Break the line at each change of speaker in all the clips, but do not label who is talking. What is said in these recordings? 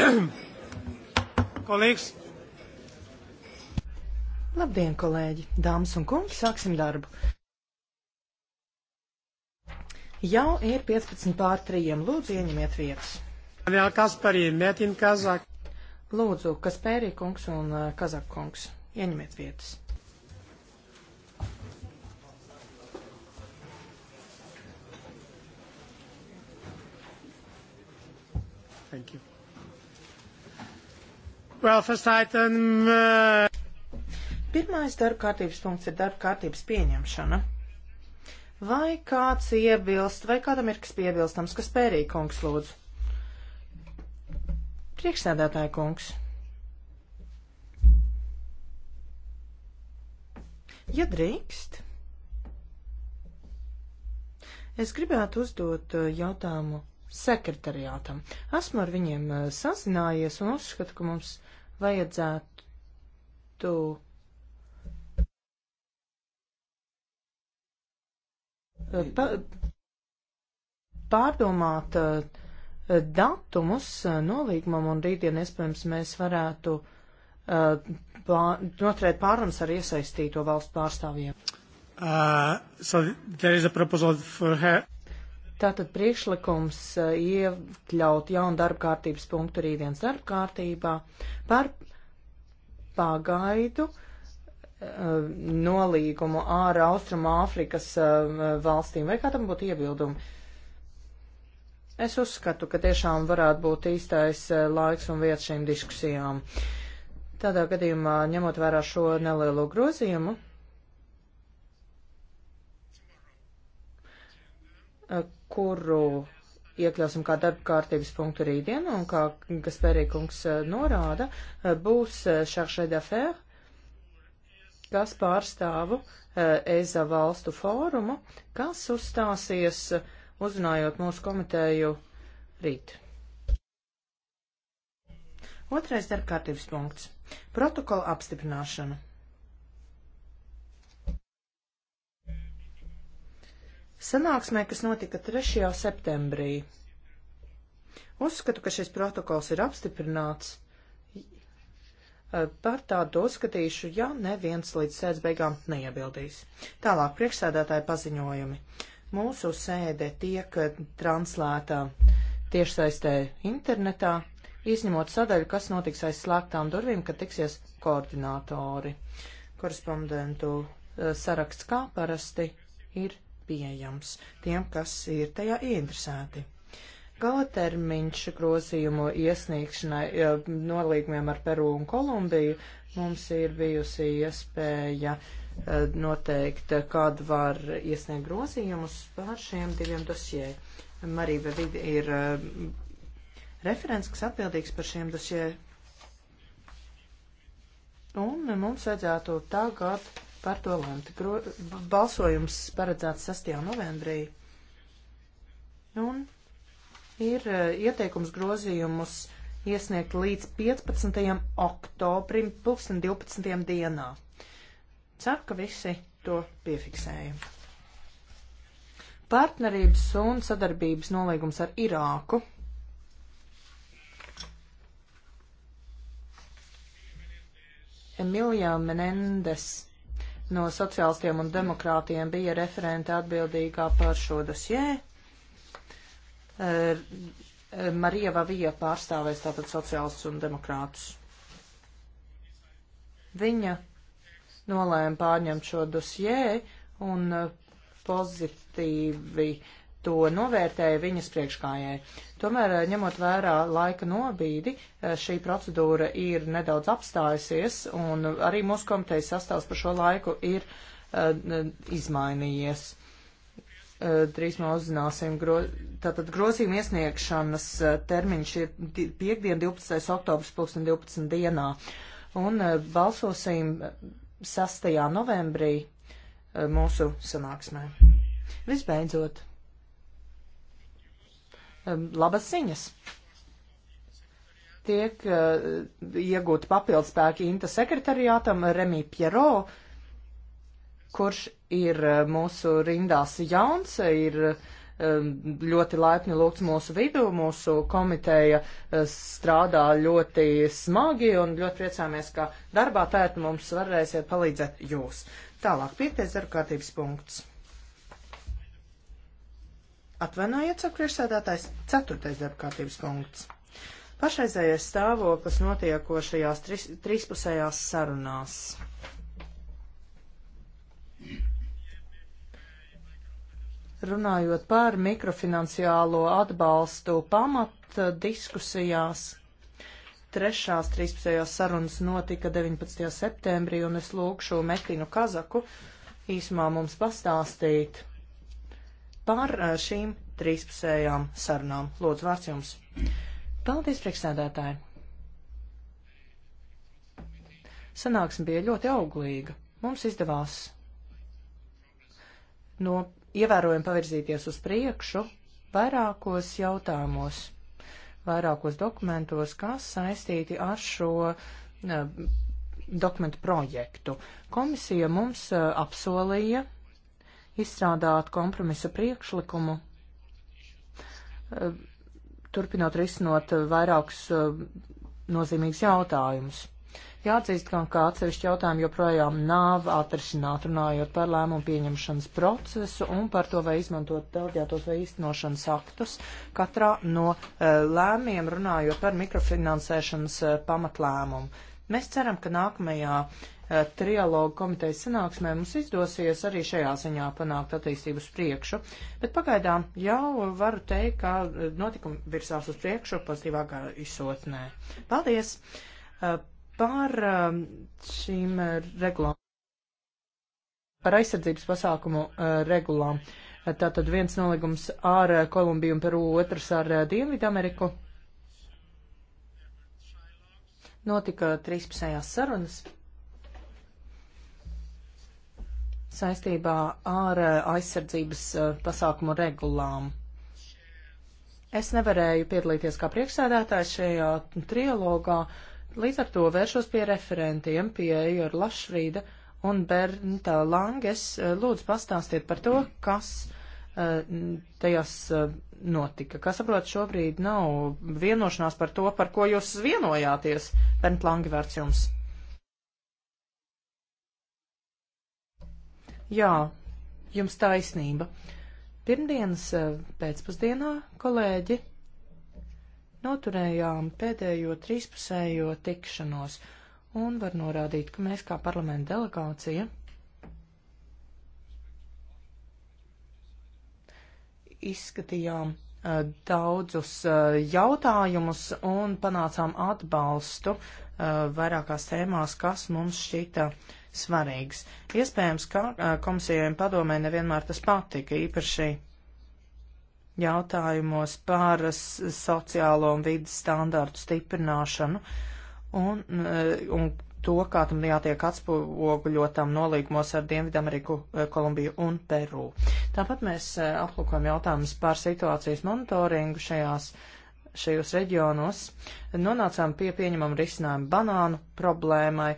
Kolēģis! Labdien, kolēģi! Dāmas un kungi, sāksim darbu! Jau ir 15 pār 3. Lūdzu, ieņemiet vietas. Lūdzu, Kaspērī kungs un uh, Kazak kungs, ieņemiet vietas. Thank you. Uh, Pirmais darba kārtības punkts ir darba kārtības pieņemšana. Vai kāds iebilst, vai kādam ir kas piebilstams, kas pērīja kungs lūdzu? Priekšsēdētāja kungs. Ja drīkst, es gribētu uzdot uh, jautājumu sekretariātam. Esmu ar viņiem uh, sazinājies un uzskatu, ka mums vajadzētu pa, pārdomāt uh, datumus uh, nolīgumam, un rītdien, iespējams, mēs varētu uh, pār, noturēt pārunas ar iesaistīto valstu pārstāvjiem. Uh, so there is a proposal for her. Tātad priekšlikums eh, iekļaut jaunu darba kārtības punktu rītdienas darba kārtībā par pagaidu eh, nolīgumu ar Austrumu Āfrikas eh, valstīm. Vai kādam būtu iebildumi? Es uzskatu, ka tiešām varētu būt īstais laiks un vietas šīm diskusijām. Tādā gadījumā, ņemot vērā šo nelielo grozījumu, Eh, kuru iekļausim kā darba kārtības punktu rītdien, un kā Gasperīkungs eh, norāda, eh, būs Šaršai Dafer, kas pārstāvu EZA valstu fórumu, kas uzstāsies uzrunājot mūsu komiteju rīt. Otrais darba kārtības punkts - protokola apstiprināšana. sanāksmē, kas notika 3. septembrī. Uzskatu, ka šis protokols ir apstiprināts. Eh, par tādu uzskatīšu, ja neviens līdz sēdz beigām neiebildīs. Tālāk priekšsēdētāji paziņojumi. Mūsu sēde tiek translētā tiešsaistē internetā, izņemot sadaļu, kas notiks aiz slēgtām durvīm, kad tiksies koordinātori. Korespondentu eh, saraksts kā parasti ir pieejams tiem, kas ir tajā ieinteresēti. Gala termiņš grozījumu iesniegšanai nolīgumiem ar Peru un Kolumbiju mums ir bijusi iespēja eh, noteikt, kad var iesniegt grozījumus par šiem diviem dosjē. Marija Bevida ir eh, referents, kas atbildīgs par šiem dosjē. Un mums vajadzētu tagad par to lemti. Balsojums paredzēts 6. novembrī. Un ir e, ieteikums grozījumus iesniegt līdz 15. oktobrim 2012. dienā. Ceru, ka visi to piefiksēja. Partnerības un sadarbības nolīgums ar Irāku. Emilija Menendes no sociālistiem un demokrātiem bija referente atbildīgā par šo dosjē. Er, Marija Vavija pārstāvēs tātad sociālistus un demokrātus. Viņa nolēma pārņemt šo dosjē un uh, pozitīvi uh, to novērtēja viņas priekškājai. Tomēr, eh, ņemot vērā laika nobīdi, eh, šī procedūra ir nedaudz apstājusies, un arī mūsu komitejas sastāvs par šo laiku ir uh, izmainījies. Uh, drīz mēs uzzināsim, gro... tātad grozījuma iesniegšanas termiņš ir piekdien 12. oktobrs 2012. dienā, un uh, balsosim 6. novembrī mūsu sanāksmē. Visbeidzot. Um, labas ziņas. Tiek uh, iegūti papildspēki Inta sekretariātam Remī Piero, kurš ir uh, mūsu rindās jauns, ir uh, ļoti laipni lūgts mūsu vidū. Mūsu komiteja uh, strādā ļoti smagi un ļoti priecāmies, ka darbā tēt mums varēsiet palīdzēt jūs. Tālāk, piektais darbkārtības punkts. Atvainojiet, saka priekšsēdētājs, ceturtais darba kārtības punkts. Pašreizējais stāvoklis notiekošajās tris, trīspusējās sarunās. Runājot par mikrofinanciālo atbalstu pamat diskusijās, trešās trīspusējās sarunas notika 19. septembrī, un es lūgšu Metinu Kazaku īsumā mums pastāstīt par eh, šīm trīspusējām sarunām. Lūdzu, vārds jums. Paldies, priekšsēdētāji. Sanāksme bija ļoti auglīga. Mums izdevās no ievērojami pavirzīties uz priekšu vairākos jautājumos, vairākos dokumentos, kas saistīti ar šo ne, eh, dokumentu projektu. Komisija mums uh, apsolīja izstrādāt kompromisa priekšlikumu, eh, turpinot risinot eh, vairākus eh, nozīmīgus jautājumus. Jāatzīst, ka, ka atsevišķi jautājumi joprojām nav atrisināti runājot par lēmumu pieņemšanas procesu un par to, vai izmantot delģētos vai īstenošanas aktus katrā no lēmiem runājot par mikrofinansēšanas pamatlēmumu. Mēs ceram, ka nākamajā uh, Eh, trialogu komitejas sanāksmē mums izdosies arī šajā ziņā panākt attīstības priekšu, bet pagaidām jau varu teikt, ka eh, notikumi virsās uz priekšu pozitīvākā izsotnē. Paldies eh, par šīm regulām, par aizsardzības pasākumu regulām. Tātad viens nolīgums ar Kolumbiju un Peru, otrs ar Dienvidameriku. Notika 13. sarunas. saistībā ar eh, aizsardzības eh, pasākumu regulām. Es nevarēju piedalīties kā priekšsēdētājs šajā trilogā, līdz ar to vēršos pie referentiem, pie Jura Lašrīda un Bernta Langes. Eh, lūdzu, pastāstiet par to, kas tajās notika. Kas saprot, šobrīd nav vienošanās par to, par ko jūs vienojāties. Bernta Lange vērts jums. Jā, jums taisnība. Pirmdienas eh, pēcpusdienā, kolēģi, noturējām pēdējo trīspusējo tikšanos, un var norādīt, ka mēs kā parlamenta delegācija izskatījām uh, daudzus uh, jautājumus un panācām atbalstu uh, vairākās tēmās, kas mums šķita uh, svarīgs. Iespējams, ka komisijai un padomē nevienmēr tas patika, īpaši jautājumos par sociālo un vidas standārtu stiprināšanu un, un to, kā tam jātiek atspoguļotam nolīgumos ar Dienvidameriku, Kolumbiju un Peru. Tāpat mēs aplūkojam jautājumus par situācijas monitoringu šajās, šajos reģionos. Nonācām pie pieņemam risinājumu banānu problēmai,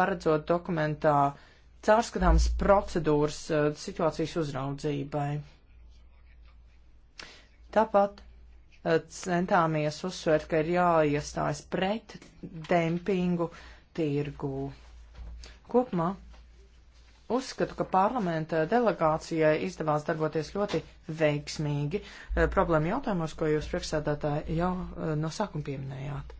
paredzot dokumentā caurskatāmas procedūras eh, situācijas uzraudzībai. Tāpat eh, centāmies uzsvērt, ka ir jāiestājas pret dempingu tirgū. Kopumā uzskatu, ka parlamenta delegācijai izdevās darboties ļoti veiksmīgi eh, problēma jautājumos, ko jūs priekšsēdētāji jau no sākuma pieminējāt.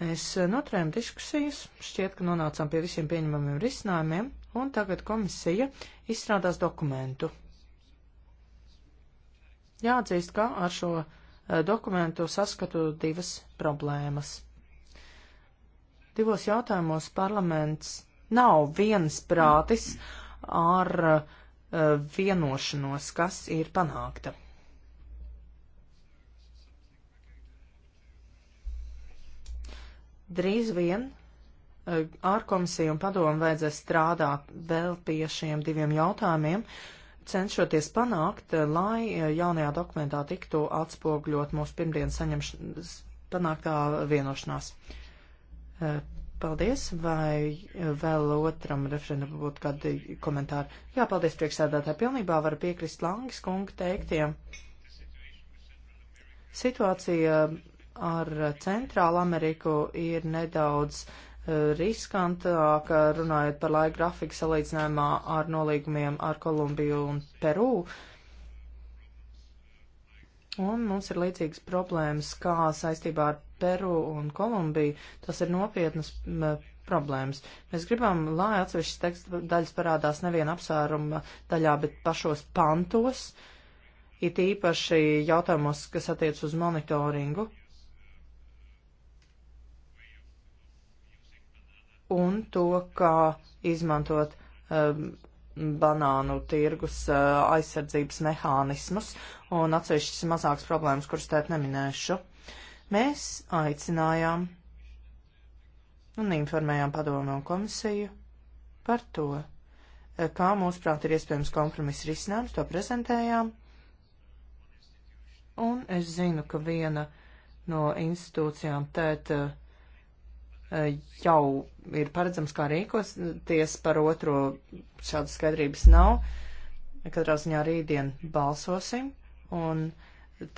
Mēs eh, noturējam diskusijas, šķiet, ka nonācām pie visiem pieņemamiem risinājumiem, un tagad komisija izstrādās dokumentu. Jāatzīst, ka ar šo eh, dokumentu saskatu divas problēmas. Divos jautājumos parlaments nav viensprātis ar eh, vienošanos, kas ir panākta. Drīz vien e, ārkomisija un padomu vajadzēs strādāt vēl pie šiem diviem jautājumiem, cenšoties panākt, e, lai e, jaunajā dokumentā tiktu atspogļot mūsu pirmdienas saņemšanas panāktā vienošanās. Paldies, vai vēl otram referendumu būtu kādi komentāri? Jā, paldies priekšsēdētāji. Pilnībā var piekrist Langis kunga teiktiem. Situācija ar Centrālu Ameriku ir nedaudz e, riskantāka, runājot par laika grafiku salīdzinājumā ar nolīgumiem ar Kolumbiju un Peru. Un mums ir līdzīgas problēmas, kā saistībā ar Peru un Kolumbiju. Tas ir nopietnas problēmas. Mēs gribam, lai atsevišķas teksta daļas parādās nevien apsvēruma daļā, bet pašos pantos, it īpaši jautājumos, kas attiec uz monitoringu. un to, kā izmantot um, banānu tirgus uh, aizsardzības mehānismus un atsevišķas mazākas problēmas, kuras tēt neminēšu. Mēs aicinājām un informējām padomu un komisiju par to, kā mūsuprāt ir iespējams kompromiss risinājums, to prezentējām. Un es zinu, ka viena no institūcijām tēta uh, Eh, jau ir paredzams, kā rīkosies, par otro šādas skaidrības nav. Katrā ziņā rītdien balsosim, un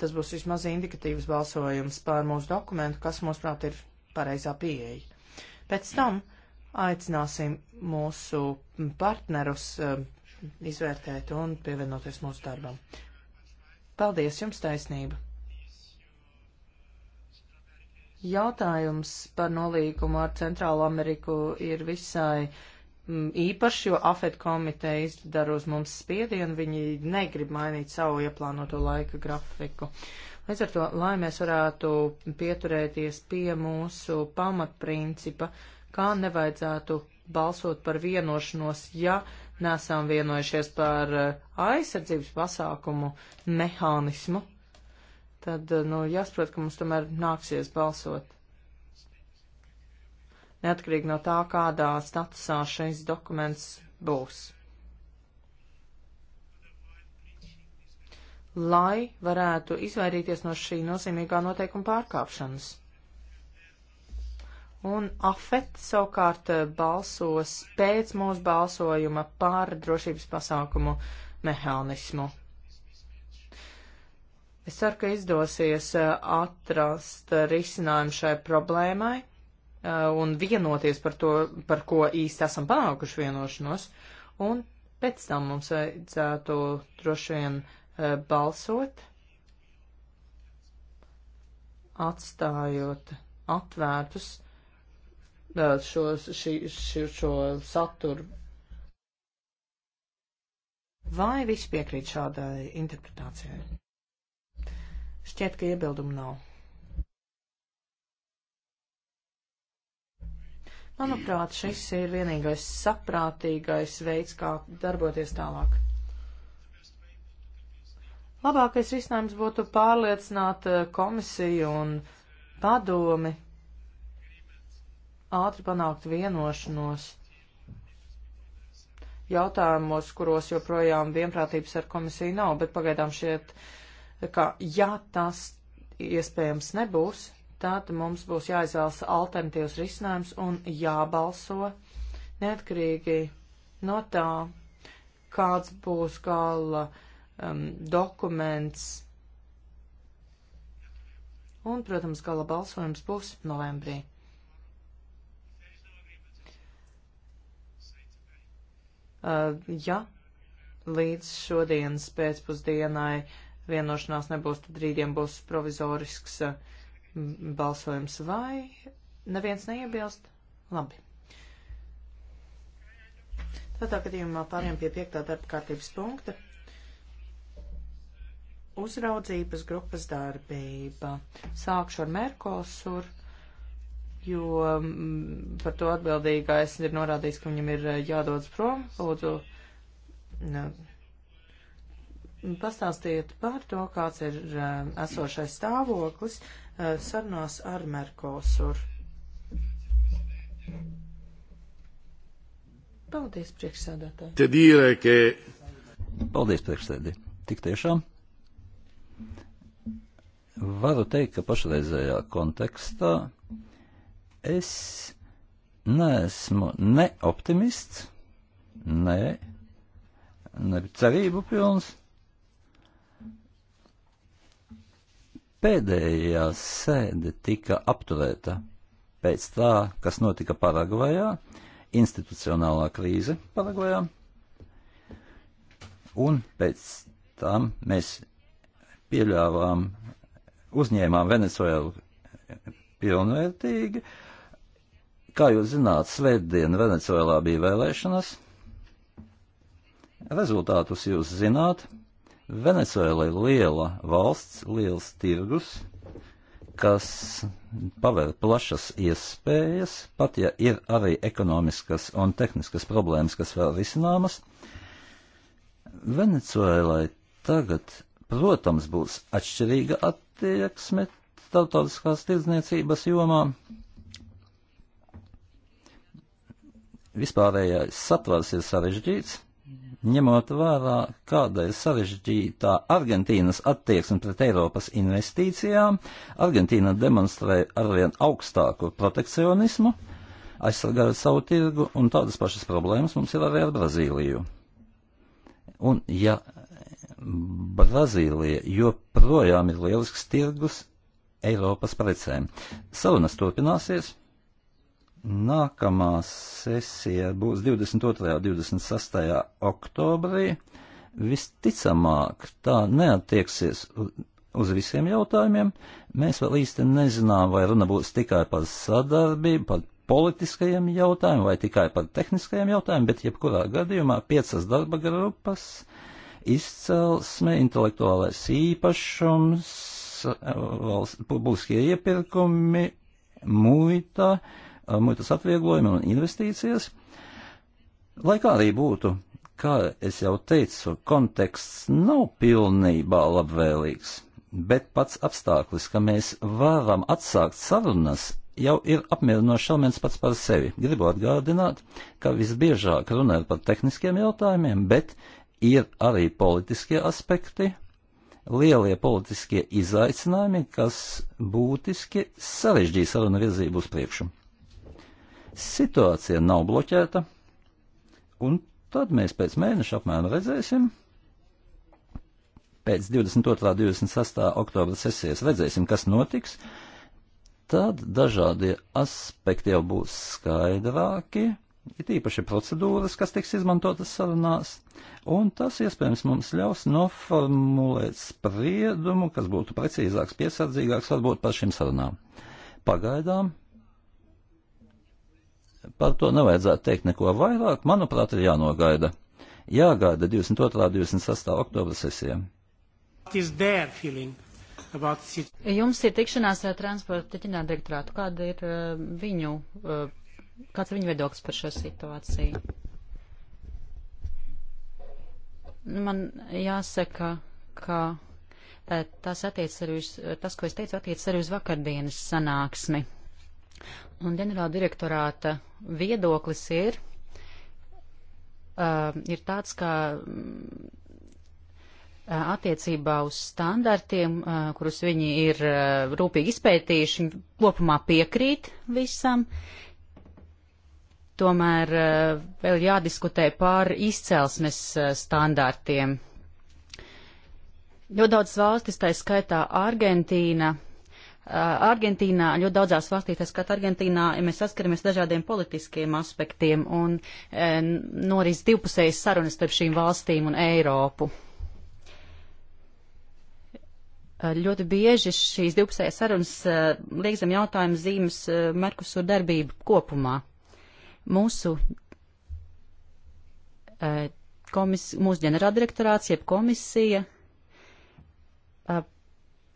tas būs vismaz indikatīvs balsojums par mūsu dokumentu, kas, mūsuprāt, ir pareizā pieeja. Pēc tam aicināsim mūsu partnerus eh, izvērtēt un pievienoties mūsu darbam. Paldies jums taisnība! Jautājums par nolīgumu ar Centrālu Ameriku ir visai mm, īpašs, jo AFED komiteja izdara uz mums spiedienu, viņi negrib mainīt savu ieplānoto laika grafiku. Līdz ar to, lai mēs varētu pieturēties pie mūsu pamatprincipa, kā nevajadzētu balsot par vienošanos, ja nesam vienojušies par eh, aizsardzības pasākumu mehānismu, tad, eh, nu, jāsaprot, ka mums tomēr nāksies balsot. Neatkarīgi no tā, kādā statusā šis dokuments būs. Lai varētu izvairīties no šī nozīmīgā noteikuma pārkāpšanas. Un AFET savukārt eh, balsos pēc mūsu balsojuma par drošības pasākumu mehānismu. Es ceru, ka izdosies uh, atrast uh, risinājumu šai problēmai uh, un vienoties par to, par ko īsti esam panākuši vienošanos, un pēc tam mums vajadzētu droši vien balsot, atstājot atvērtus šo, šī, šī, šo saturu. Vai visi piekrīt šādai interpretācijai? Šķiet, ka iebildumu nav. Manuprāt, šis ir vienīgais saprātīgais veids, kā darboties tālāk. Labākais risinājums būtu pārliecināt eh, komisiju un padomi ātri panākt vienošanos jautājumos, kuros joprojām vienprātības ar komisiju nav, bet pagaidām šiet ka ja tas iespējams nebūs, tad mums būs jāizvēlas alternatīvs risinājums un jābalso neatkarīgi no tā, kāds būs gala um, dokuments. Un, protams, gala balsojums būs novembrī. Uh, ja līdz šodienas pēcpusdienai uh, vienošanās nebūs, tad rītdien būs provizorisks eh, balsojums vai neviens neiebilst? Labi. Tādā gadījumā pāriem pie piektā darba kārtības punkta. Uzraudzības grupas darbība. Sākšu ar Merkosur, jo par to atbildīgais ir norādījis, ka viņam ir eh, jādodas prom. Lūdzu, nu, pastāstiet par to, kāds ir eh, esošais stāvoklis eh, sarunās ar Merkosuru. Paldies, priekšsēdētāji.
Te dīrē, ka. Paldies, priekšsēdētāji. Tik tiešām. Varu teikt, ka pašreizējā kontekstā es neesmu ne optimists, ne, ne cerību pilns, pēdējā sēde tika apturēta pēc tā, kas notika Paragvajā, institucionālā krīze Paragvajā, un pēc tam mēs pieļāvām, uzņēmām Venecuēlu pilnvērtīgi. Kā jūs zināt, svētdien Venecuēlā bija vēlēšanas. Rezultātus jūs zināt. Venecuēlai liela valsts, liels tirgus, kas paver plašas iespējas, pat ja ir arī ekonomiskas un tehniskas problēmas, kas vēl risināmas. Venecuēlai tagad, protams, būs atšķirīga attieksme starptautiskās tirdzniecības jomā. Vispārējais satvars ir sarežģīts ņemot vērā, kāda ir sarežģītā Argentīnas attieksme pret Eiropas investīcijām, Argentīna demonstrē arvien augstāku protekcionismu, aizsargājot savu tirgu, un tādas pašas problēmas mums ir arī ar Brazīliju. Un ja Brazīlija joprojām ir lielisks tirgus Eiropas precēm, sarunas turpināsies. Nākamā sesija būs 22. un 26. oktobrī. Visticamāk, tā neattieksies uz visiem jautājumiem. Mēs vēl īsti nezinām, vai runa būs tikai par sadarbību, par politiskajiem jautājumiem vai tikai par tehniskajiem jautājumiem, bet jebkurā gadījumā piecas darba grupas izcelsme, intelektuālais īpašums, valsts publiskie iepirkumi, muita, uh, Uh, muitas atvieglojumu un investīcijas. Lai kā arī būtu, kā es jau teicu, konteksts nav pilnībā labvēlīgs, bet pats apstākļis, ka mēs varam atsākt sarunas, jau ir apmierinošs elements pats par sevi. Gribu atgādināt, ka visbiežāk runājot par tehniskiem jautājumiem, bet ir arī politiskie aspekti, lielie politiskie izaicinājumi, kas būtiski sarežģīja sarunu virzību uz priekšu. Situācija nav bloķēta, un tad mēs pēc mēneša apmēram redzēsim, pēc 22. un 26. oktobra sesijas redzēsim, kas notiks, tad dažādie aspekti jau būs skaidrāki, ir īpaši procedūras, kas tiks izmantotas sarunās, un tas iespējams mums ļaus noformulēt spriedumu, kas būtu precīzāks, piesardzīgāks varbūt par šīm sarunām. Pagaidām Par to nevajadzētu teikt neko vairāk, manuprāt, ir jānogaida. Jāgaida 22. un 26. oktobra sesija.
Jums ir tikšanās ar transporta ģenerāla direktorātu. Kāda ir uh, viņu, uh, kāds ir viņu viedoklis par šo situāciju? Man jāsaka, ka uh, tas attiec arī uz, tas, ko es teicu, attiec arī uz vakardienas sanāksmi un ģenerāla direktorāta viedoklis ir, uh, ir tāds, ka uh, attiecībā uz standartiem, uh, kurus viņi ir uh, rūpīgi izpētījuši, kopumā piekrīt visam. Tomēr uh, vēl jādiskutē par izcelsmes uh, standartiem. Ļoti daudz valstis, tā skaitā Argentīna, Argentīnā, ļoti daudzās valstīs, tas skat Argentīnā, ja mēs saskaramies dažādiem politiskiem aspektiem un noris divpusējas sarunas starp šīm valstīm un Eiropu. Ļoti bieži šīs divpusējas sarunas liek zem jautājumu zīmes Merkusur darbību kopumā. Mūsu komis, mūsu ģenerāldirektorāts, jeb komisija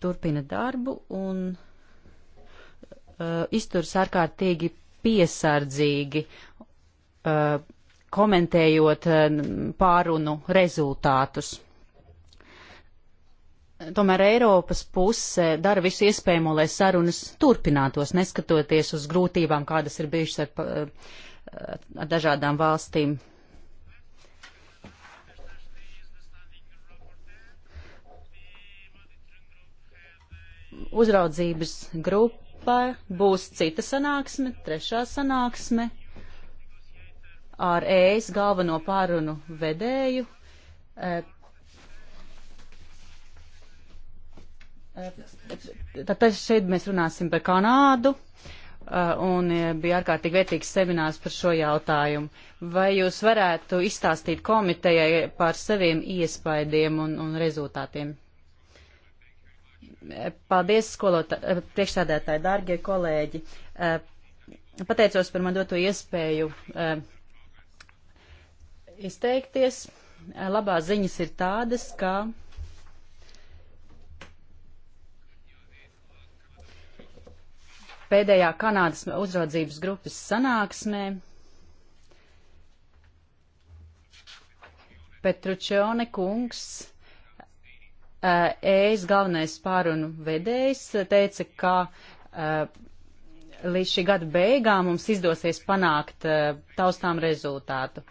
turpina darbu un uh, izturas ārkārtīgi piesardzīgi, uh, komentējot uh, pārunu rezultātus. Tomēr Eiropas puse dara visu iespējamo, lai sarunas turpinātos, neskatoties uz grūtībām, kādas ir bijušas ar, ar dažādām valstīm uzraudzības grupai būs cita sanāksme, trešā sanāksme ar ES galveno pārunu vedēju. Tātad eh, eh, šeit mēs runāsim par Kanādu, eh, un bija ārkārtīgi vērtīgs seminārs par šo jautājumu. Vai jūs varētu izstāstīt komitejai par saviem iespaidiem un, un rezultātiem? Paldies, skolotā, eh, priekšsādētāji, dārgie kolēģi. Eh, pateicos par man doto iespēju eh, izteikties. Labās ziņas ir tādas, ka pēdējā Kanādas uzraudzības grupas sanāksmē Petručione kungs Eh, ES galvenais pārunu vedējs teica, ka eh, līdz šī gada beigām mums izdosies panākt eh, taustām rezultātu.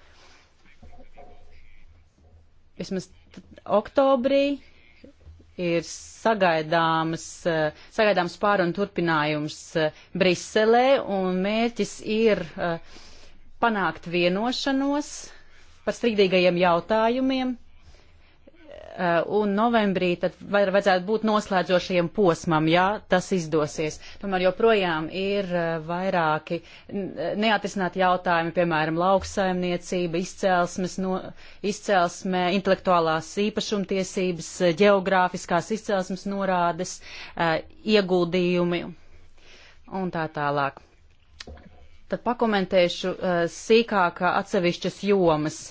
Vismaz oktobrī ir sagaidāmas, sagaidāms pārunu turpinājums Briselē, un mērķis ir panākt vienošanos par strīdīgajiem jautājumiem Eh, un novembrī tad var, vajadzētu būt noslēdzošajam posmam, ja tas izdosies. Tomēr joprojām ir eh, vairāki eh, neatrisināti jautājumi, piemēram, lauksaimniecība, izcelsmes, no, izcelsme, intelektuālās īpašumtiesības, geogrāfiskās izcelsmes norādes, ieguldījumi un tā tālāk. Tad pakomentēšu sīkāk atsevišķas jomas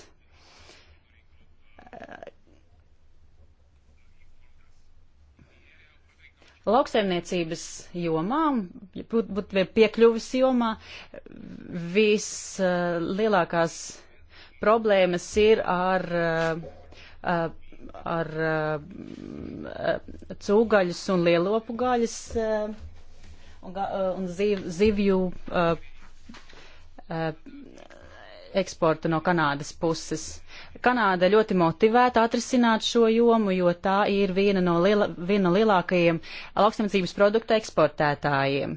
Lauksaimniecības jomā, būt piekļuvis jomā, vislielākās uh, problēmas ir ar, uh, uh, ar, ar cūgaļas un lielopu gaļas un, un ziv, zivju eksportu no Kanādas puses. Kanāda ļoti motivēta atrisināt šo jomu, jo tā ir viena no, liela, viena no lielākajiem lauksamniecības produktu eksportētājiem.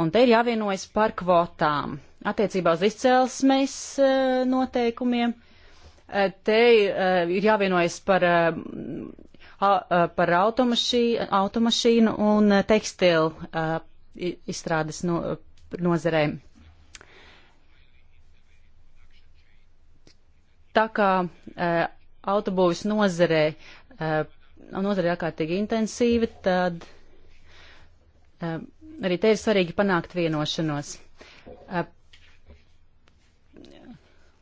Un te ir jāvienojas par kvotām. Attiecībā uz izcelsmes eh, noteikumiem eh, te eh, ir jāvienojas par, par automašīnu, automašīnu un tekstilu izstrādes no, nozerēm. tā kā uh, e, autobūvis nozarē, uh, nozarē ārkārtīgi intensīvi, tad uh, arī te ir svarīgi panākt vienošanos. Uh,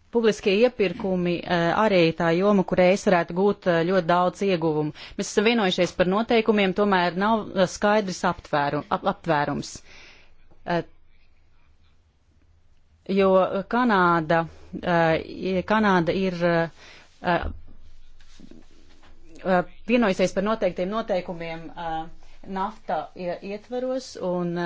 Publiskie iepirkumi uh, arī tā joma, kurai es varētu gūt uh, ļoti daudz ieguvumu. Mēs esam vienojušies par noteikumiem, tomēr nav skaidrs aptvēru, ap, aptvērums. Uh, jo Kanāda, eh, Kanāda ir eh, eh, vienojusies par noteiktiem noteikumiem nafta ietvaros un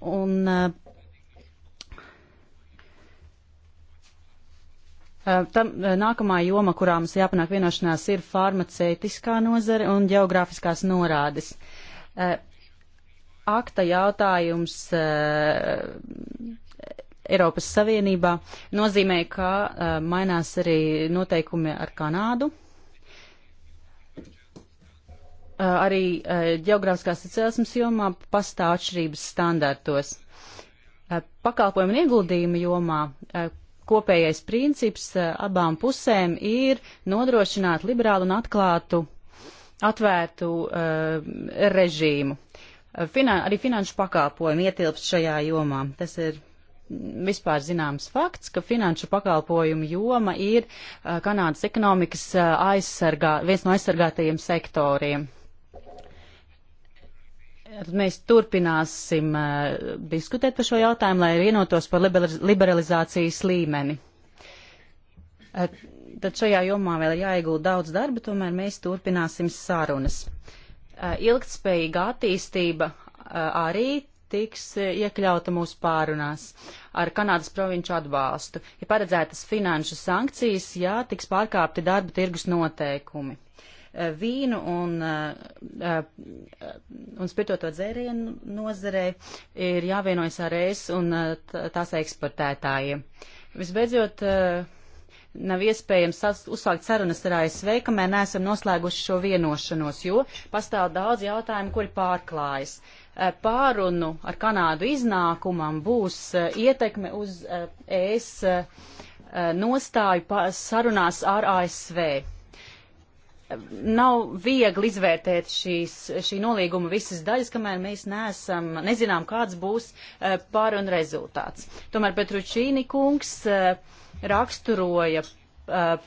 un Tam nākamā joma, kurā mums jāpanāk vienošanās, ir farmaceitiskā nozare un geogrāfiskās norādes. Uh, Eh, akta jautājums eh, Eiropas Savienībā nozīmē, ka eh, mainās arī noteikumi ar Kanādu. Arī geogrāfiskās atcelsmes jomā pastāv atšķirības standartos. Pakalpojumu un ieguldījumu jomā kopējais princips abām pusēm ir nodrošināt liberālu un atklātu atvērtu uh, režīmu. Eh, finan arī finanšu pakalpojumi ietilpst šajā jomā. Tas ir vispār zināms fakts, ka finanšu pakalpojumu joma ir uh, Kanādas ekonomikas uh, aizsargā, viens no aizsargātajiem sektoriem. Mēs turpināsim uh, diskutēt par šo jautājumu, lai vienotos par liberalizācijas līmeni. Uh, tad šajā jomā vēl ir jāiegulda daudz darba, tomēr mēs turpināsim sarunas. Eh, ilgtspējīga attīstība eh, arī tiks eh, iekļauta mūsu pārunās ar Kanādas provinču atbalstu. Ir ja paredzētas finanšu sankcijas, ja tiks pārkāpti darba tirgus noteikumi. Vīnu un, un spirtoto dzērienu nozarē ir jāvienojas ar es un tās eksportētājiem. Visbeidzot, uh, nav iespējams uzsākt sarunas ar ASV, kamēr neesam noslēguši šo vienošanos, jo pastāv daudz jautājumu, kuri pārklājas. Eh, pārunu ar Kanādu iznākumam būs eh, ietekme uz ES eh, e nostāju sarunās ar ASV. Nav viegli izvērtēt šīs, šī nolīguma visas daļas, kamēr mēs neesam, nezinām, kāds būs pārunu rezultāts. Tomēr Petručīni kungs uh, raksturoja, uh,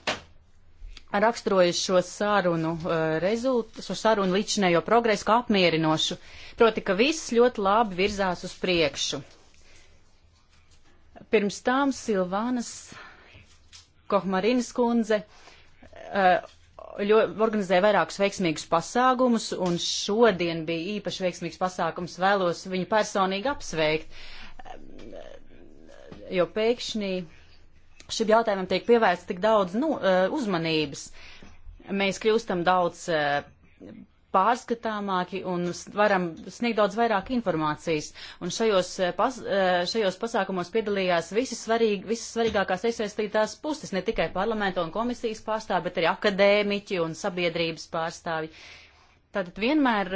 raksturoja šo sarunu uh, rezultātu, šo sarunu līdzinējo progresu kā apmierinošu. Proti, ka viss ļoti labi virzās uz priekšu. Pirms tām Silvānas Kohmarinas kundze uh, organizēja vairākus veiksmīgus pasākumus, un šodien bija īpaši veiksmīgs pasākums. Vēlos viņu personīgi apsveikt, jo pēkšņi šim jautājumam tiek pievērsts tik daudz nu, eh, uzmanības. Mēs kļūstam daudz eh, pārskatāmāki un varam sniegt daudz vairāk informācijas. Un šajos, eh, pas, šajos pasākumos piedalījās visas, svarīg, visas svarīgākās iesaistītās puses, ne tikai parlamenta un komisijas pārstāvi, bet arī akadēmiķi un sabiedrības pārstāvi. Tātad vienmēr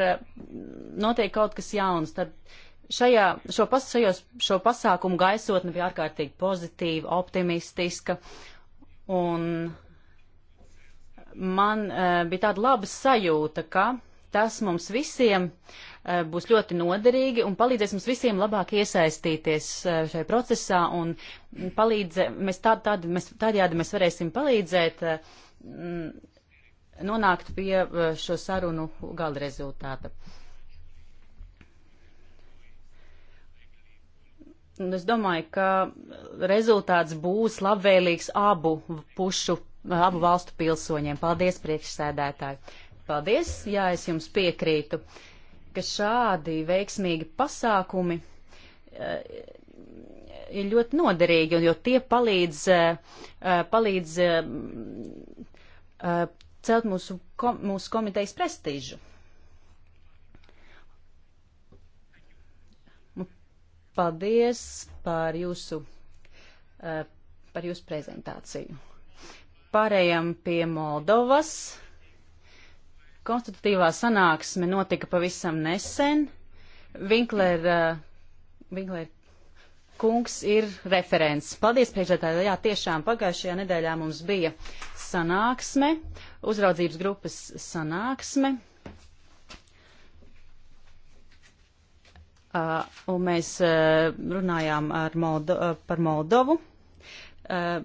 notiek kaut kas jauns. Tad, uh, Šajā, šo, pas, šajos, šo pasākumu gaisotne bija ārkārtīgi pozitīva, optimistiska, un man uh, bija tāda laba sajūta, ka tas mums visiem uh, būs ļoti noderīgi un palīdzēs mums visiem labāk iesaistīties uh, šajā procesā un palīdzē, mēs tād, tād, mēs, tādējādi mēs varēsim palīdzēt uh, nonākt pie šo sarunu gala rezultāta. un es domāju, ka rezultāts būs labvēlīgs abu pušu, abu valstu pilsoņiem. Paldies, priekšsēdētāji! Paldies, jā, es jums piekrītu, ka šādi veiksmīgi pasākumi eh, ir ļoti noderīgi, jo tie palīdz, eh, palīdz eh, celt mūsu, kom, mūsu komitejas prestižu. Paldies par jūsu, eh, par jūsu prezentāciju. Pārējām pie Moldovas. Konstitutīvā sanāksme notika pavisam nesen. Vinkler, Vinkler eh, kungs ir referents. Paldies, priekšētāji. Jā, tiešām pagājušajā nedēļā mums bija sanāksme, uzraudzības grupas sanāksme. Uh, un mēs uh, runājām ar Moldo, uh, par Moldovu. Uh,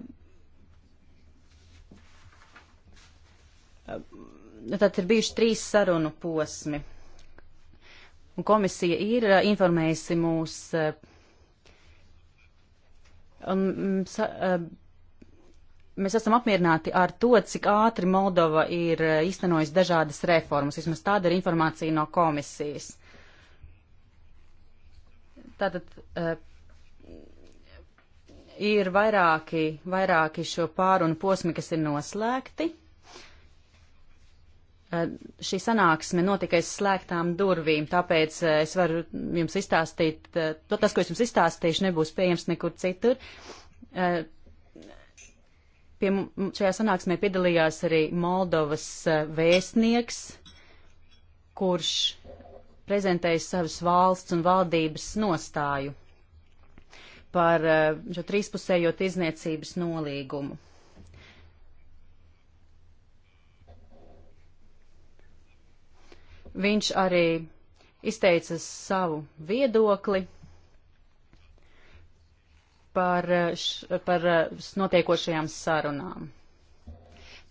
tad ir bijuši trīs sarunu posmi. Un komisija ir uh, informējusi mūs. Uh, un, um, sa, uh, mēs esam apmierināti ar to, cik ātri Moldova ir iztenojusi uh, dažādas reformas. Vismaz tāda ir informācija no komisijas. Uh, Tātad uh, ir vairāki, vairāki šo pārunu posmi, kas ir noslēgti. Uh, šī sanāksme notika aiz slēgtām durvīm, tāpēc uh, es varu jums izstāstīt, uh, to tas, ko es jums izstāstīšu, nebūs pieejams nekur citur. Pie, šajā sanāksmē piedalījās arī Moldovas vēstnieks, kurš prezentējis savas valsts un valdības nostāju par eh, šo trīspusējo tirzniecības nolīgumu. Viņš arī izteica savu viedokli par, eh, š, par eh, notiekošajām sarunām.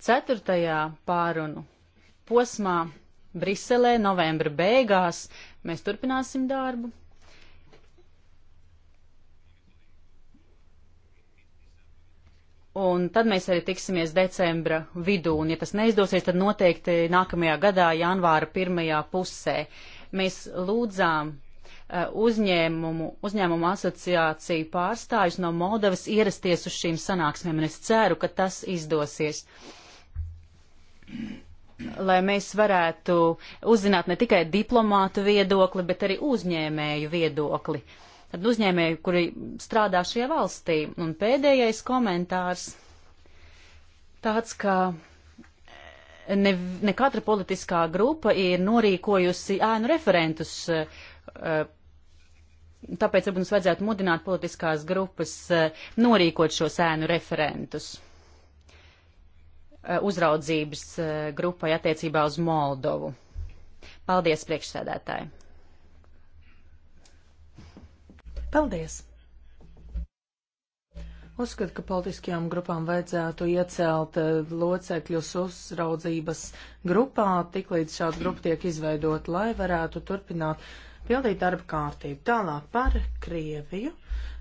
Ceturtajā pārunu posmā Briselē novembra beigās. Mēs turpināsim darbu. Un tad mēs arī tiksimies decembra vidū, un ja tas neizdosies, tad noteikti nākamajā gadā, janvāra pirmajā pusē, mēs lūdzām eh, uzņēmumu, uzņēmumu asociāciju pārstāvis no Moldavas ierasties uz šīm sanāksmēm, un es ceru, ka tas izdosies lai mēs varētu uzzināt ne tikai diplomātu viedokli, bet arī uzņēmēju viedokli. Tad uzņēmēju, kuri strādā šajā valstī. Un pēdējais komentārs tāds, ka ne, ne katra politiskā grupa ir norīkojusi ēnu referentus. Eh, tāpēc, varbūt mums vajadzētu mudināt politiskās grupas eh, norīkot šos ēnu referentus. Eh, uzraudzības eh, grupai attiecībā uz Moldovu.
Paldies, priekšsēdētāji! Paldies! Uzskatu, ka politiskajām grupām vajadzētu iecelt eh, locekļus uzraudzības grupā, tiklīdz šāda grupa tiek izveidot, lai varētu turpināt pildīt darba kārtību. Tālāk par Krieviju.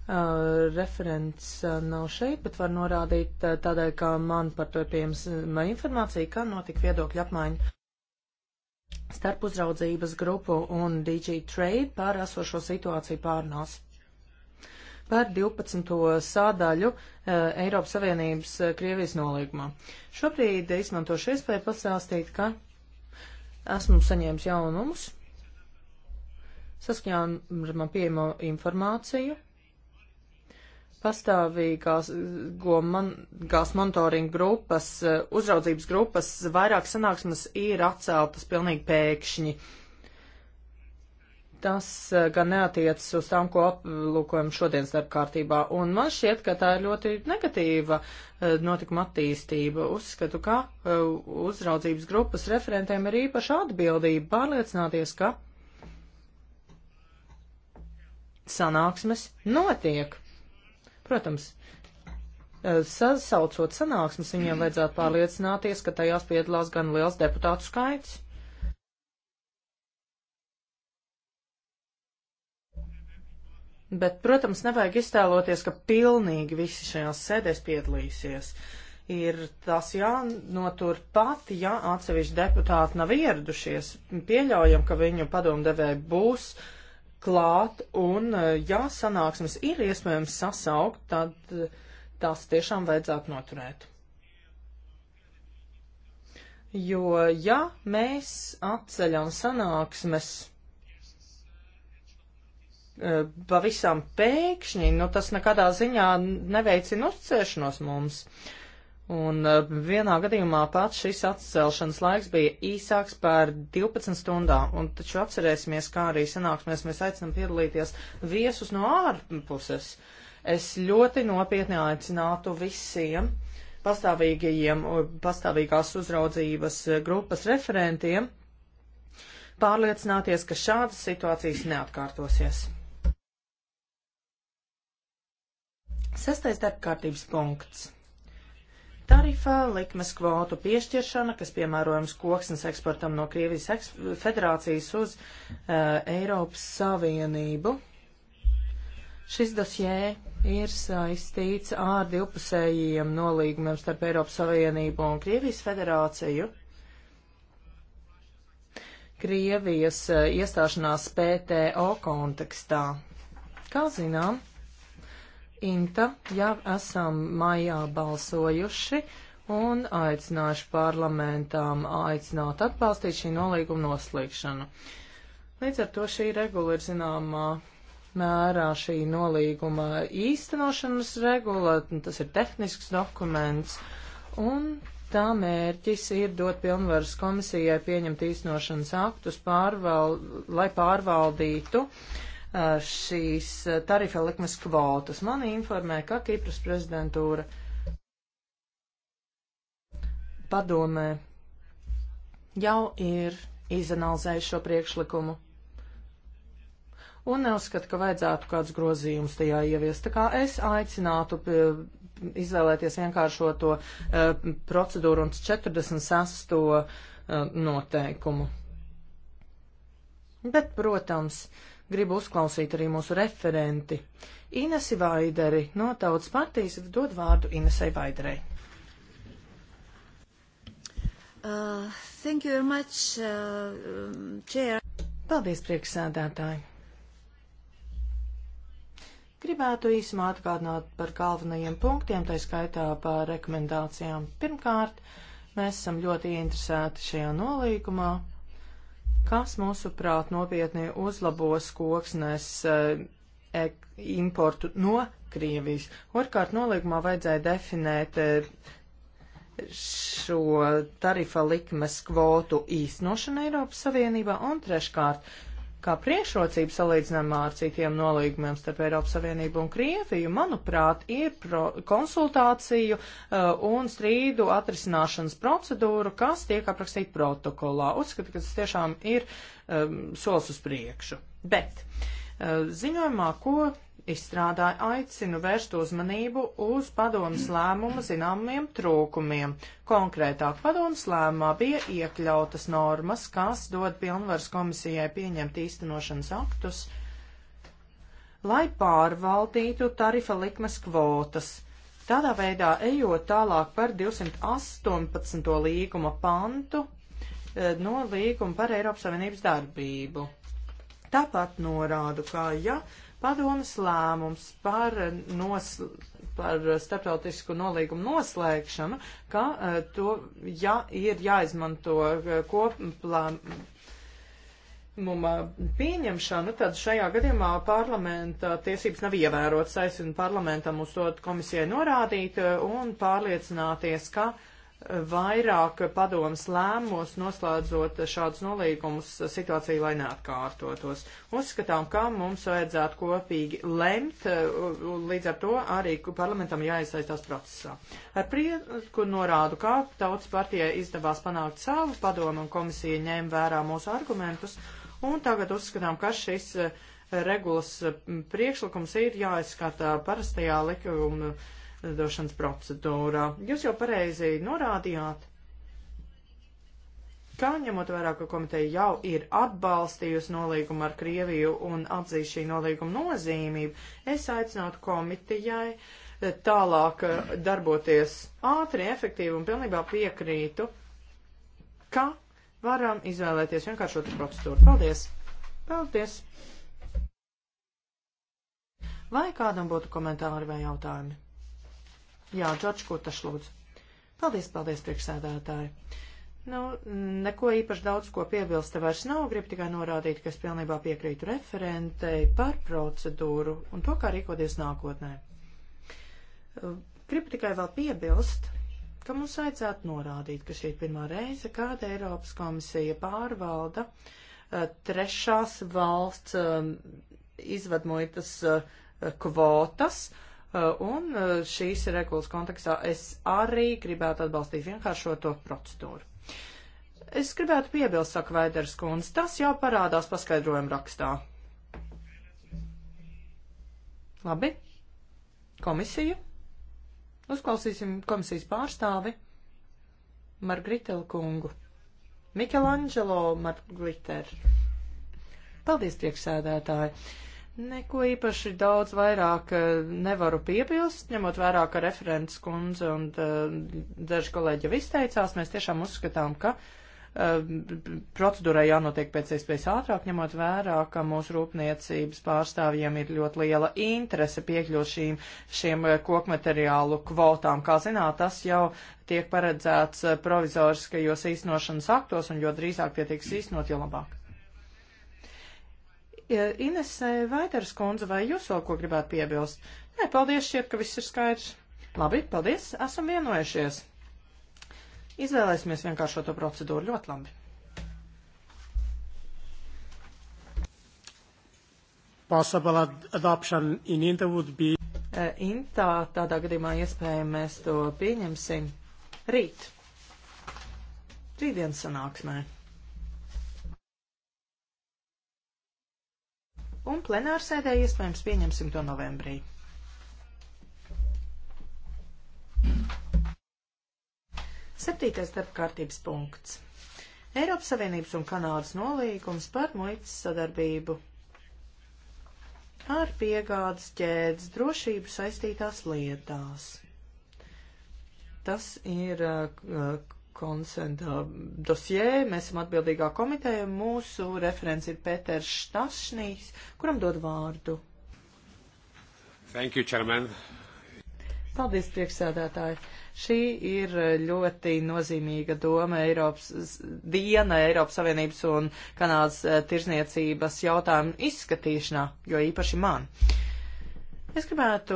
Uh, referents uh, nav šeit, bet var norādīt uh, tādēļ, ka man par to ir pieejama informācija, ka notika viedokļa apmaiņa starp uzraudzības grupu un DG Trade par esošo situāciju pārnās. Par 12. sādaļu uh, Eiropas Savienības uh, Krievijas nolīgumā. Šobrīd izmantošu iespēju pasāstīt, ka esmu saņēmis jaunumus Saskaņā ar man pieejamo informāciju pastāvīgās man, gās monitoringa grupas, uzraudzības grupas vairāk sanāksmes ir atceltas pilnīgi pēkšņi. Tas eh, gan neatiecas uz tām, ko aplūkojam šodienas darba kārtībā, un man šķiet, ka tā ir ļoti negatīva eh, notikuma attīstība. Uzskatu, ka eh, uzraudzības grupas referentiem ir īpaša atbildība pārliecināties, ka sanāksmes notiek. Protams, eh, sasaucot sanāksmes, viņiem vajadzētu pārliecināties, ka tajās piedalās gan liels deputātu skaits. Bet, protams, nevajag iztēloties, ka pilnīgi visi šajās sēdēs piedalīsies. Ir tas jānotur pati, ja atsevišķi deputāti nav ieradušies. Pieļaujam, ka viņu padomdevēji būs uh, klāt, un e, ja sanāksmes ir iespējams sasaukt, tad e, tās tiešām vajadzētu noturēt. Jo, ja mēs atceļam sanāksmes e, pavisam pēkšņi, nu tas nekādā ziņā neveicina uzcēšanos mums. Uh, Un uh, vienā gadījumā pats šis atcelšanas laiks bija īsāks par 12 stundām, un taču atcerēsimies, kā arī sanāksmēs mēs aicinam piedalīties viesus no ārpuses. Es ļoti nopietni aicinātu visiem pastāvīgajiem, uh, pastāvīgās uzraudzības uh, grupas referentiem pārliecināties, ka šādas situācijas neatkārtosies. Sestais darbkārtības punkts tarifā, likmes kvotu piešķiršana, kas piemērojams koksnes eksportam no Krievijas eks federācijas uz uh, Eiropas Savienību. Šis dosjē ir saistīts ar divpusējiem nolīgumiem starp Eiropas Savienību un Krievijas federāciju. Krievijas uh, iestāšanās PTO kontekstā. Kā zinām, Inta jau esam maijā balsojuši un aicināšu parlamentām aicināt atbalstīt šī nolīguma noslēgšanu. Līdz ar to šī regula ir zināmā mērā šī nolīguma īstenošanas regula, tas ir tehnisks dokuments, un tā mērķis ir dot pilnvaras komisijai pieņemt īstenošanas aktus, pārval, lai pārvaldītu uh, Uh, šīs uh, tarifa likmes kvotas. Mani informē, ka Kipras prezidentūra padomē jau ir izanalizējuši šo priekšlikumu un neuzskata, ka vajadzētu kāds grozījums tajā ieviest. Tā kā es aicinātu uh, izvēlēties vienkāršoto uh, procedūru un 46. Uh, noteikumu. Bet, protams, uh, gribu uzklausīt arī mūsu referenti. Inesi Vaideri no Tautas partijas dod vārdu Inesai Vaiderei.
Uh, thank you very much, uh, um,
Chair. Paldies, priekšsēdētāji. Gribētu īsumā atgādināt par galvenajiem punktiem, tā skaitā par rekomendācijām. Pirmkārt, mēs esam ļoti interesēti šajā nolīgumā. Uh, kas mūsuprāt nopietni uzlabos koksnes e importu no Krievijas. Otrkārt, nolīgumā vajadzēja definēt eh, šo tarifa likmes kvotu īstenošanu Eiropas Savienībā, un treškārt, kā priekšrocība salīdzinājumā ar citiem nolīgumiem starp Eiropas Savienību un Krieviju, manuprāt, ir pro, konsultāciju uh, un strīdu atrisināšanas procedūra, kas tiek aprakstīta protokolā. Uzskatu, ka tas tiešām ir um, solis uz priekšu. Bet uh, ziņojumā, ko izstrādāja aicinu vērst uzmanību uz padomas lēmumu zināmiem trūkumiem. Konkrētāk padomas lēmumā bija iekļautas normas, kas dod pilnvaras komisijai pieņemt īstenošanas aktus, lai pārvaldītu tarifa likmes kvotas. Tādā veidā ejot tālāk par 218. līguma pantu e, no līguma par Eiropas Savienības darbību. Tāpat norādu, ka ja uh, Padomas lēmums par, nos, par starptautisku nolīgumu noslēgšanu, ka e, to ja, ir jāizmanto e, koplēmumu lēmuma pieņemšanu, tad šajā gadījumā parlamenta tiesības nav ievērotas. Aicinu parlamentam uz to komisijai norādīt e, un pārliecināties, ka uh, vairāk padomas lēmumos noslēdzot šādus nolīgumus situāciju, lai neatkārtotos. Uzskatām, ka mums vajadzētu kopīgi lemt, līdz ar to arī parlamentam jāiesaistās procesā. Ar prieku norādu, kā tautas partijai izdevās panākt savu padomu un komisija ņēma vērā mūsu argumentus, un tagad uzskatām, ka šis eh, regulas priekšlikums ir jāizskata parastajā likuma došanas procedūrā. Jūs jau pareizi norādījāt, kā ņemot vērā, ka komiteja jau ir atbalstījusi nolīgumu ar Krieviju un atzīst šī nolīguma nozīmību, es aicinātu komitejai tālāk eh, darboties ātri, efektīvi un pilnībā piekrītu, ka varam izvēlēties vienkāršotu procedūru. Paldies! Paldies! Vai kādam būtu komentāri vai jautājumi? Jā, Džordž, ko taš lūdzu? Paldies, paldies, priekšsēdētāji. Nu, neko īpaši daudz ko piebilst te vairs nav, gribu tikai norādīt, ka es pilnībā piekrītu referentei par procedūru un to, kā rīkoties nākotnē. Uh, gribu tikai vēl piebilst, ka mums vajadzētu norādīt, ka šī ir pirmā reize, kad Eiropas komisija pārvalda uh, trešās valsts um, izvedmoitas uh, kvotas, uh, Uh, un uh, šīs regulas kontekstā es arī gribētu atbalstīt vienkāršoto procedūru. Es gribētu piebilst, saka Vaiders kundze, tas jau parādās paskaidrojuma rakstā. Labi. Komisija. Uzklausīsim komisijas pārstāvi Margritelu kungu. Mikelangelo Margliter. Paldies, priekšsēdētāji. Uh, Neko īpaši daudz vairāk eh, nevaru piebilst, ņemot vērā, ka referents kundze un eh, daži kolēģi jau izteicās. Mēs tiešām uzskatām, ka eh, procedūrai jānotiek pēc iespējas ātrāk, ņemot vērā, ka mūsu rūpniecības pārstāvjiem ir ļoti liela interese piekļūt šīm, šiem kokmateriālu kvotām. Kā zināt, tas jau tiek paredzēts provizoriskajos īstenošanas aktos, un jo drīzāk tie tiks īstenot, jo labāk. Inesē Vaiters kundze, vai jūs vēl ko gribētu piebilst? Nē, paldies, šķiet, ka viss ir skaidrs. Labi, paldies, esam vienojušies. Izvēlēsimies vienkāršo to procedūru ļoti labi. Possible adoption in Inta would be. Eh, Intā tādā gadījumā iespējams mēs to pieņemsim rīt. Rītdienas sanāksmē. un plenārsēdē iespējams pieņemsim to novembrī. Septītais darbkārtības punkts. Eiropas Savienības un Kanādas nolīgums par muitas sadarbību ar piegādes ķēdes drošību saistītās lietās. Tas ir uh, konsenta uh, dosjē. Mēs esam atbildīgā komiteja. Mūsu referents ir Pēters Štašnīgs, kuram dod vārdu.
Thank you, Chairman.
Paldies, priekšsēdētāji. Šī ir ļoti nozīmīga doma Eiropas, diena Eiropas Savienības un Kanādas uh, tirzniecības jautājumu izskatīšanā, jo īpaši man. Uh, Es gribētu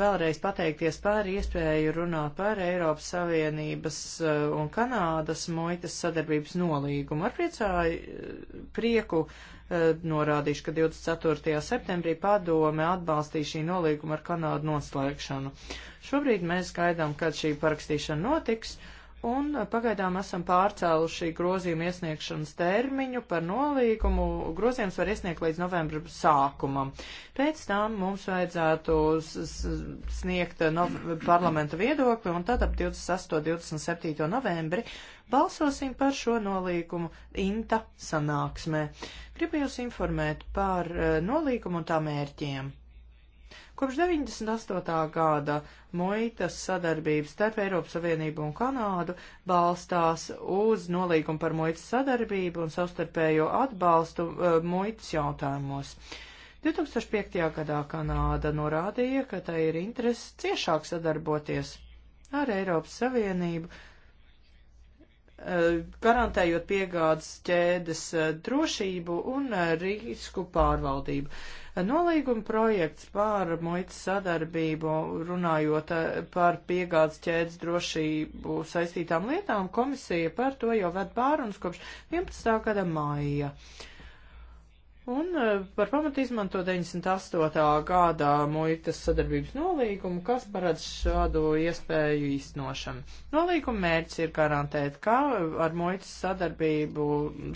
vēlreiz pateikties par iespēju runāt par Eiropas Savienības eh, un Kanādas muitas sadarbības nolīgumu. Ar priecāju eh, prieku eh, norādīšu, ka 24. septembrī padome atbalstīja šī nolīguma ar Kanādu noslēgšanu. Šobrīd mēs gaidām, kad šī parakstīšana notiks. Uh, Un pagaidām esam pārcēluši grozījumu iesniegšanas termiņu par nolīgumu. Grozījums var iesniegt līdz novembra sākumam. Pēc tam mums vajadzētu sniegt nov parlamenta viedokli, un tad ap 26. 27. novembri balsosim par šo nolīgumu INTA sanāksmē. Gribu jūs informēt par eh, nolīgumu un tā mērķiem. Kopš 98. gada muitas sadarbības starp Eiropas Savienību un Kanādu balstās uz nolīgumu par muitas sadarbību un savstarpējo atbalstu uh, muitas jautājumos. 2005. gadā Kanāda norādīja, ka tai ir interese ciešāk sadarboties ar Eiropas Savienību Eh, garantējot piegādes ķēdes eh, drošību un eh, risku pārvaldību. Nolīguma projekts pār muitas sadarbību, runājot par piegādes ķēdes drošību saistītām lietām, komisija par to jau ved pārunas kopš 11. gada māja. Uh, un eh, par pamatu izmanto 98. gadā muitas sadarbības nolīgumu, kas paredz šādu iespēju īstenošanu. Nolīguma mērķis ir garantēt, ka ar muitas sadarbību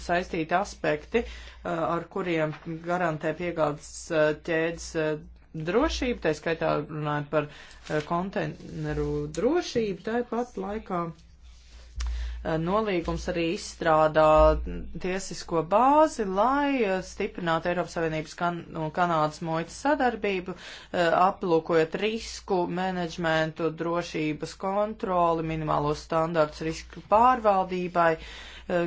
saistīti aspekti, eh, ar kuriem garantē piegādes eh, ķēdes drošību, tā skaitā runājot par konteneru drošību, tāpat laikā Eh, nolīgums arī izstrādā tiesisko bāzi, lai eh, stiprinātu Eiropas Savienības kan un Kanādas muitas sadarbību, eh, aplūkojot risku menedžmentu, drošības kontroli, minimālos standārts risku pārvaldībai,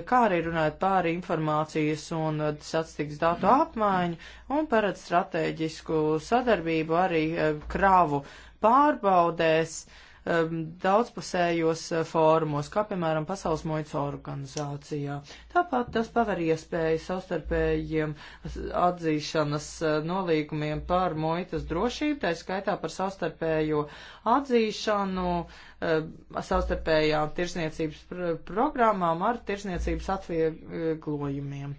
kā arī runājot pār informācijas un statistikas datu apmaiņu un paredz stratēģisku sadarbību arī krāvu pārbaudēs. Uh, Um, daudzpusējos uh, fórumos, kā piemēram Pasaules muitas organizācijā. Tāpat tas paver iespēju savstarpējiem atzīšanas uh, nolīgumiem par muitas drošību, tā skaitā par savstarpējo atzīšanu, uh, savstarpējām tirsniecības pr programmām ar tirsniecības atvieglojumiem.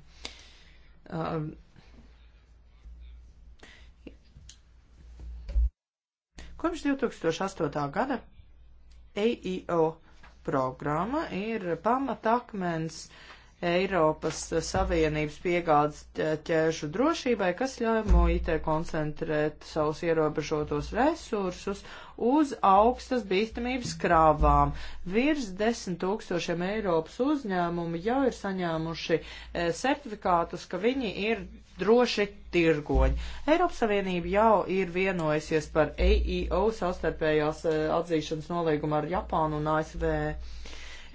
Um, Kopš 2008. gada EIO programma ir pamatakmens uh, Eiropas Savienības piegādes ķēršu drošībai, kas ļauj MOIT koncentrēt savus ierobežotos resursus uz augstas bīstamības krāvām. Virs desmit tūkstošiem Eiropas uzņēmumu jau ir saņēmuši e, certifikātus, ka viņi ir droši tirgoņi. Eiropas Savienība jau ir vienojusies par AEO savstarpējās e, atzīšanas nolīgumu ar Japānu un ASV.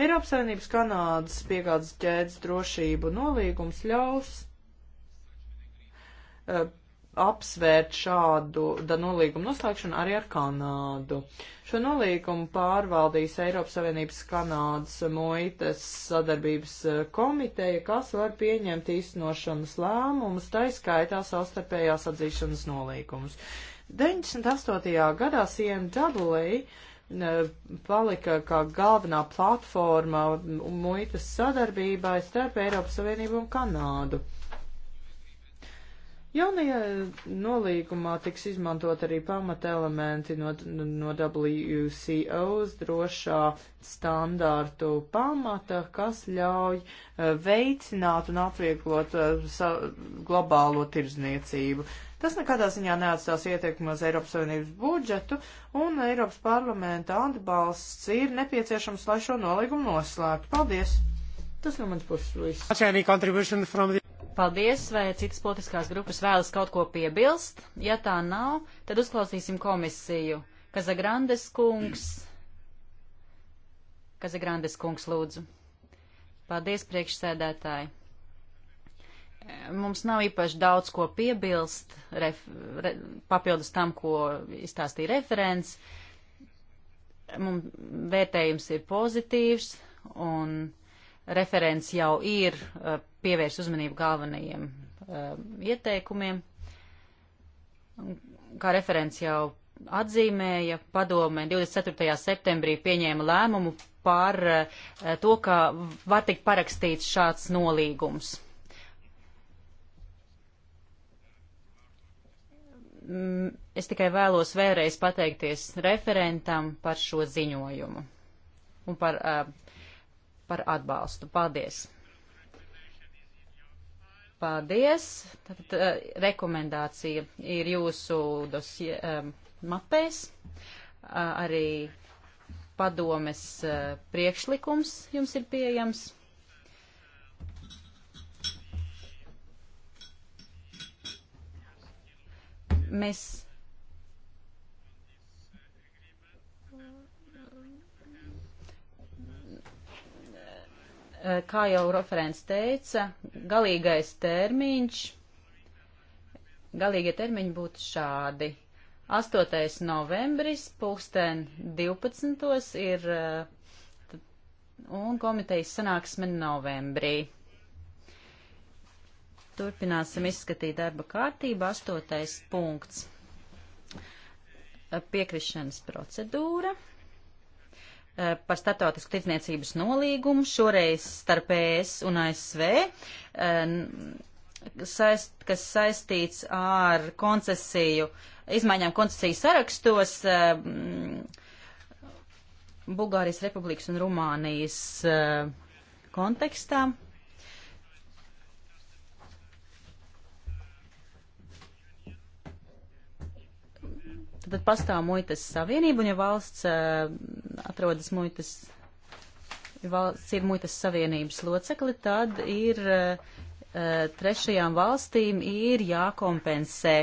Eiropas Savienības Kanādas piegādes ķēdes drošību nolīgums ļaus uh, apsvērt šādu nolīgumu noslēgšanu arī ar Kanādu. Šo nolīgumu pārvaldīs Eiropas Savienības Kanādas muitas sadarbības eh, komiteja, kas var pieņemt īstenošanas lēmumus, taiskaitā savstarpējās atzīšanas nolīgumus. 98. gadā CM Dudley uh, palika kā galvenā platforma muitas sadarbībai starp Eiropas Savienību un Kanādu. Jaunajā nolīgumā tiks izmantot arī pamata elementi no, no WCOs drošā standārtu pamata, kas ļauj e, veicināt un atvieglot e, globālo tirzniecību. Tas nekādā ziņā neatstās ietekmi uz Eiropas Savienības budžetu, un Eiropas parlamenta atbalsts ir nepieciešams, lai šo nolīgumu noslēgtu. Paldies! Tas no manas puses
viss.
Paldies, vai citas politiskās grupas vēlas kaut ko piebilst? Ja tā nav, tad uzklausīsim komisiju. Kazagrandes kungs. Kazagrandes kungs, lūdzu. Paldies, priekšsēdētāji. Mums nav īpaši daudz ko piebilst, ref, re, papildus tam, ko izstāstīja referents. Mums vērtējums ir pozitīvs un referents jau ir eh, pievērst uzmanību galvenajiem eh, ieteikumiem. Kā referents jau atzīmēja, padome 24. septembrī pieņēma lēmumu par eh, to, ka var tikt parakstīts šāds nolīgums. Mm, es tikai vēlos vēlreiz pateikties referentam par šo ziņojumu un par uh, par atbalstu. Paldies! Paldies! Tātad uh, rekomendācija ir jūsu dosie um, mapēs. Uh, arī padomes uh, priekšlikums jums ir pieejams. Mēs Eh, kā jau referents teica, galīgais termiņš, galīgie termiņi būtu šādi. 8. novembris, pulksten 12. ir eh, un komitejas sanāksme novembrī. Turpināsim izskatīt darba kārtību. 8. punkts. Eh, piekrišanas procedūra. Eh, par startautisku tirdzniecības nolīgumu, šoreiz starp ES un ASV, eh, saist, kas saistīts ar koncesiju, izmaiņām koncesiju sarakstos eh, Bulgārijas Republikas un Rumānijas kontekstā. Tātad pastāv muitas savienība, un ja valsts uh, atrodas muitas, ja valsts ir muitas savienības locekli, tad ir uh, trešajām valstīm ir jākompensē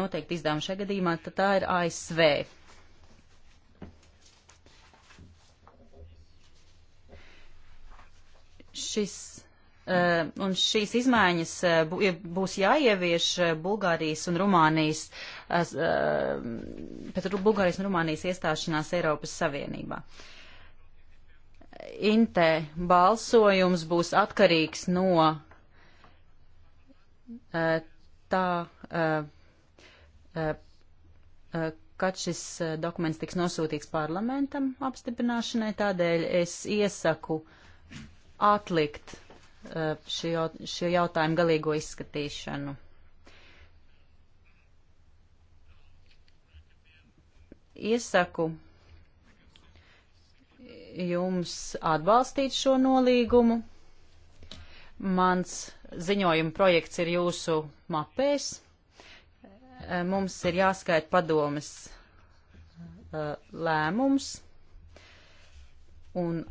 noteikti izdevumi šajā gadījumā, tad tā ir ASV. Šis Eh, un šīs izmaiņas eh, būs jāievieš eh, Bulgārijas un Rumānijas, pēc Bulgārijas un Rumānijas iestāšanās Eiropas Savienībā. Inte balsojums būs atkarīgs no tā, kad šis dokuments tiks nosūtīts parlamentam apstiprināšanai, tādēļ es iesaku atlikt šo, uh, šo jautājumu galīgo izskatīšanu. Iesaku jums atbalstīt šo nolīgumu. Mans ziņojuma projekts ir jūsu mapēs. Uh, mums ir jāskait padomas uh, lēmums un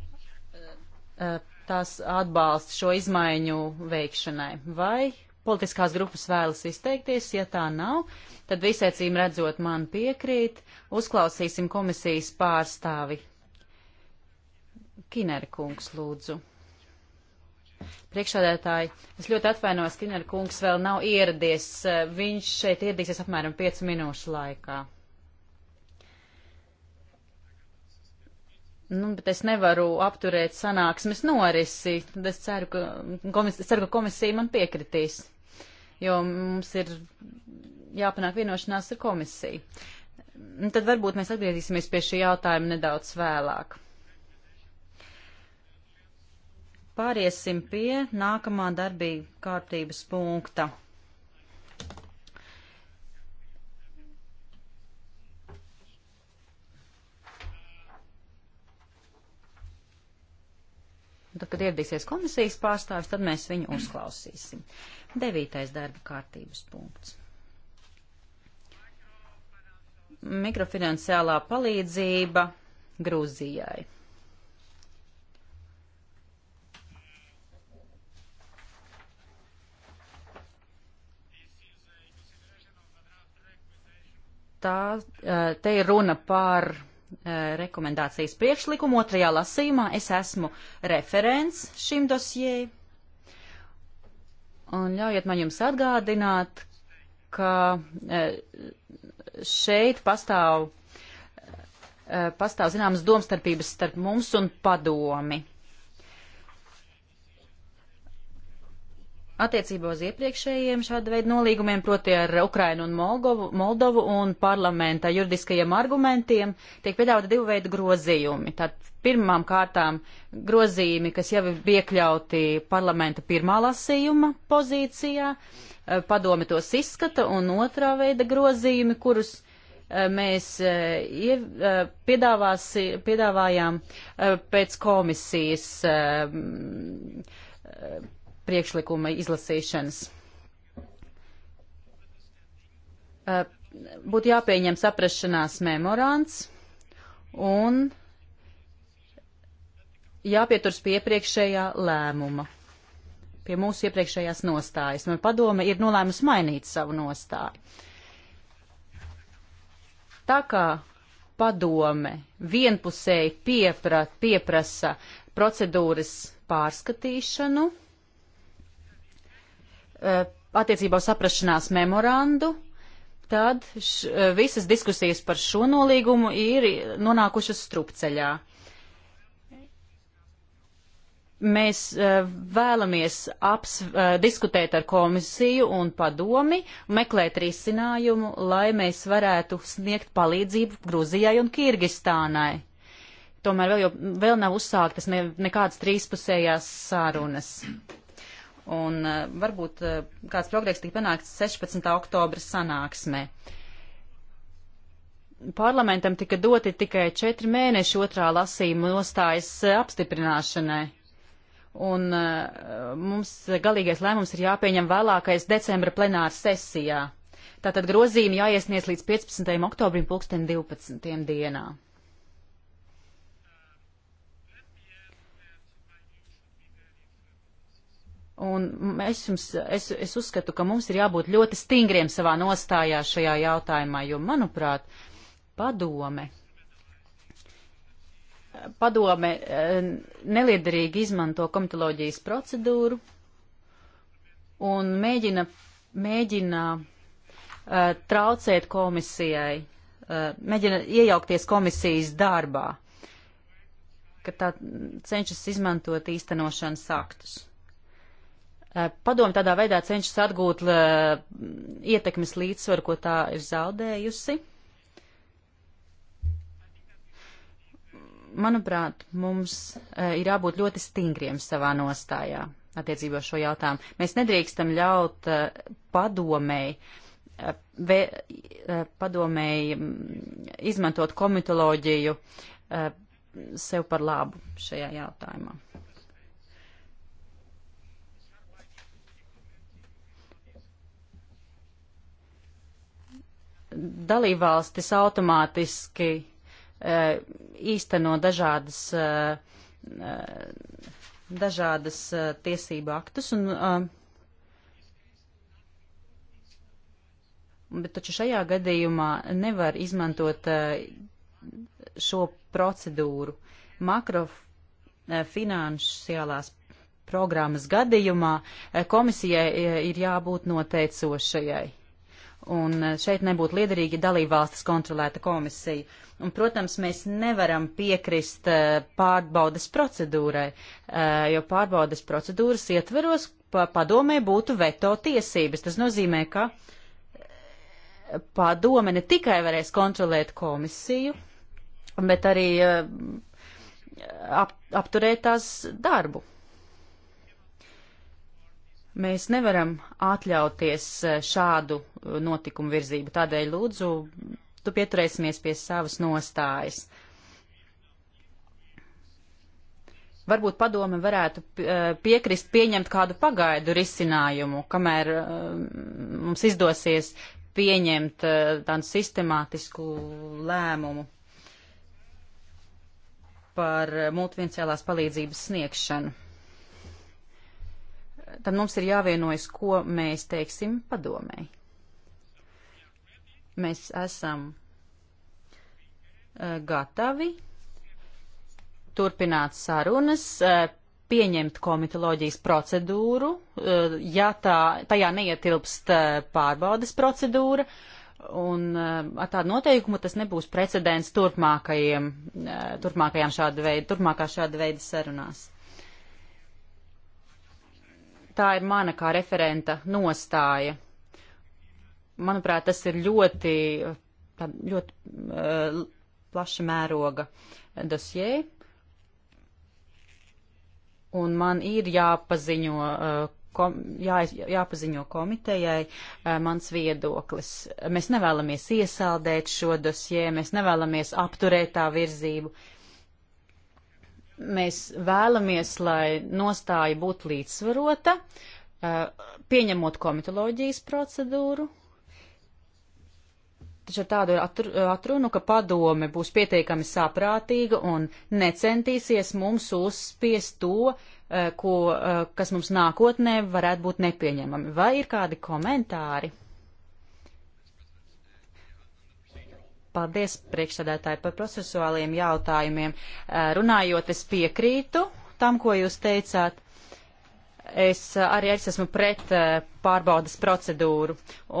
tās atbalsta šo izmaiņu veikšanai. Vai politiskās grupas vēlas izteikties, ja tā nav, tad visēcīm redzot man piekrīt, uzklausīsim komisijas pārstāvi. Kineri kungs, lūdzu. Priekšādētāji, es ļoti atvainojos, Kineri kungs vēl nav ieradies, viņš šeit ieradīsies apmēram 5 minūšu laikā. Nu, bet es nevaru apturēt sanāksmes norisi. Tad es ceru, ka, komis, es ceru, ka komisija man piekritīs, jo mums ir jāpanāk vienošanās ar komisiju. Un tad varbūt mēs atgriezīsimies pie šī jautājuma nedaudz vēlāk. Pāriesim pie nākamā darbība kārtības punkta. Un tad, kad ieradīsies komisijas pārstāvis, tad mēs viņu uzklausīsim. Devītais darba kārtības punkts. Mikrofinanciālā palīdzība Grūzijai. Tā, eh, te ir runa par Eh, rekomendācijas priekšlikumu. Otrajā lasījumā es esmu referents šim dosijai. Un ļaujiet man jums atgādināt, ka eh, šeit pastāv, eh, pastāv zināmas domstarpības starp mums un padomi. Attiecībā uz iepriekšējiem šāda veida nolīgumiem, proti ar Ukrainu un Moldovu, Moldovu un parlamenta juridiskajiem argumentiem, tiek piedāvāta divu veidu grozījumi. Tātad pirmām kārtām grozījumi, kas jau ir iekļauti parlamenta pirmā lasījuma pozīcijā, eh, padome tos izskata, un otrā veida grozījumi, kurus eh, mēs eh, piedāvās, piedāvājām pēc komisijas priekšlikuma izlasīšanas. Eh, būtu jāpieņem saprašanās memorands un jāpieturas pie iepriekšējā lēmuma, pie mūsu iepriekšējās nostājas. Man nu, padome ir nolēmusi mainīt savu nostāju. Tā kā padome vienpusēji piepra, pieprasa procedūras pārskatīšanu, Eh, attiecībā uz saprašanās memorandu, tad š, eh, visas diskusijas par šo nolīgumu ir nonākušas strupceļā. Mēs eh, vēlamies aps, diskutēt ar komisiju un padomi, meklēt risinājumu, lai mēs varētu sniegt palīdzību Gruzijai un Kirgistānai. Tomēr vēl, jau, vēl nav uzsāktas ne, nekādas trīspusējās sārunas. Un eh, varbūt eh, kāds progress tika panākts 16. oktobra sanāksmē. Parlamentam tika doti tikai četri mēneši otrā lasījuma nostājas eh, apstiprināšanai. Un mums galīgais lēmums ir jāpieņem vēlākais decembra plenāra sesijā. Tātad grozījumi jāiesniedz līdz 15. oktobrim pulksten 12. dienā. Un es, jums, es, es uzskatu, ka mums ir jābūt ļoti stingriem savā nostājā šajā jautājumā, jo, manuprāt, padome, padome eh, neliederīgi izmanto komitoloģijas procedūru un mēģina, mēģina eh, traucēt komisijai, eh, mēģina iejaukties komisijas darbā, ka tā cenšas izmantot īstenošanas aktus. Eh, padomu tādā veidā cenšas atgūt eh, ietekmes līdzsvaru, ko tā ir zaudējusi. Manuprāt, mums eh, ir jābūt ļoti stingriem savā nostājā attiecībā šo jautājumu. Mēs nedrīkstam ļaut padomēji vē, padomēji mm, izmantot komitoloģiju sev par labu šajā jautājumā. dalībvalstis automātiski e, īsteno dažādas, e, e, dažādas tiesību aktus. Un, bet taču šajā gadījumā nevar izmantot šo procedūru. Makrofinansiālās programmas gadījumā komisijai ir jābūt noteicošajai un e, šeit nebūtu liederīgi dalībvalstis kontrolēta komisija. Un, protams, mēs nevaram piekrist e, pārbaudas procedūrai, e, jo pārbaudas procedūras ietveros padomē būtu veto tiesības. Tas nozīmē, ka padome ne tikai varēs kontrolēt komisiju, bet arī ap, apturēt tās darbu. Mēs nevaram atļauties e, šādu e, notikumu virzību, tādēļ lūdzu, tu pieturēsimies pie savas nostājas. Varbūt padome varētu e, piekrist pieņemt kādu pagaidu risinājumu, kamēr mums izdosies pieņemt tādu sistemātisku lēmumu par multifunkcionālās palīdzības sniegšanu tad mums ir jāvienojas, ko mēs teiksim padomēji. Mēs esam eh, gatavi turpināt sarunas, eh, pieņemt komitoloģijas procedūru, eh, ja tā, tajā neietilpst pārbaudas procedūra, un ar tādu noteikumu tas nebūs precedents turpmākajiem, turpmākajām šāda veida, turpmākā šāda veida sarunās. Tā ir mana kā referenta nostāja. Manuprāt, tas ir ļoti, tā, ļoti uh, plaša mēroga dosjē. Un man ir jāpaziņo, uh, kom, jā, jāpaziņo komitejai uh, mans viedoklis. Mēs nevēlamies iesaldēt šo dosjē, mēs nevēlamies apturēt tā virzību. Uh, mēs vēlamies, lai nostāja būtu līdzsvarota, uh, pieņemot komitoloģijas procedūru. Taču ar tādu atrunu, ka padome būs pietiekami saprātīga un necentīsies mums uzspiest to, uh, ko, uh, kas mums nākotnē varētu būt nepieņemami. Vai ir kādi komentāri? Paldies priekšsēdētāji par procesuāliem jautājumiem. Eh, runājot, es piekrītu tam, ko jūs teicāt. Es arī es esmu pret eh, pārbaudas procedūru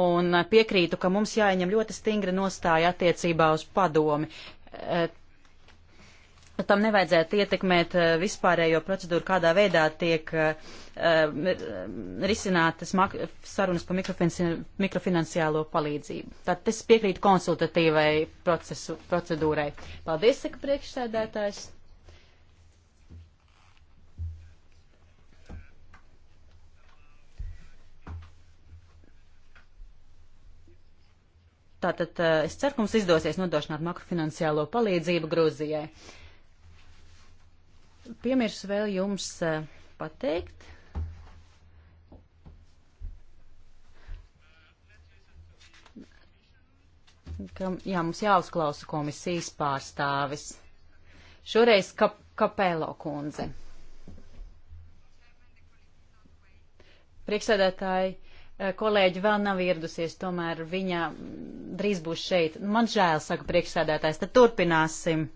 un piekrītu, ka mums jāieņem ļoti stingra nostāja attiecībā uz padomi eh, Nu, tam nevajadzētu ietekmēt eh, vispārējo procedūru, kādā veidā tiek uh, risinātas sarunas par mikrofinanciālo palīdzību. Tad es piekrītu konsultatīvai procesu, procedūrai. Paldies, saka priekšsēdētājs. Tātad uh, es ceru, ka mums izdosies nodrošināt makrofinanciālo palīdzību Grūzijai. Uh, Piemirsu vēl jums e, pateikt. Ka, jā, mums jāuzklausa komisijas pārstāvis. Šoreiz kap, Kapelo kundze. Priekšsēdētāji, e, kolēģi vēl nav ieradusies, tomēr viņa drīz būs šeit. Man žēl, saka priekšsēdētājs, tad turpināsim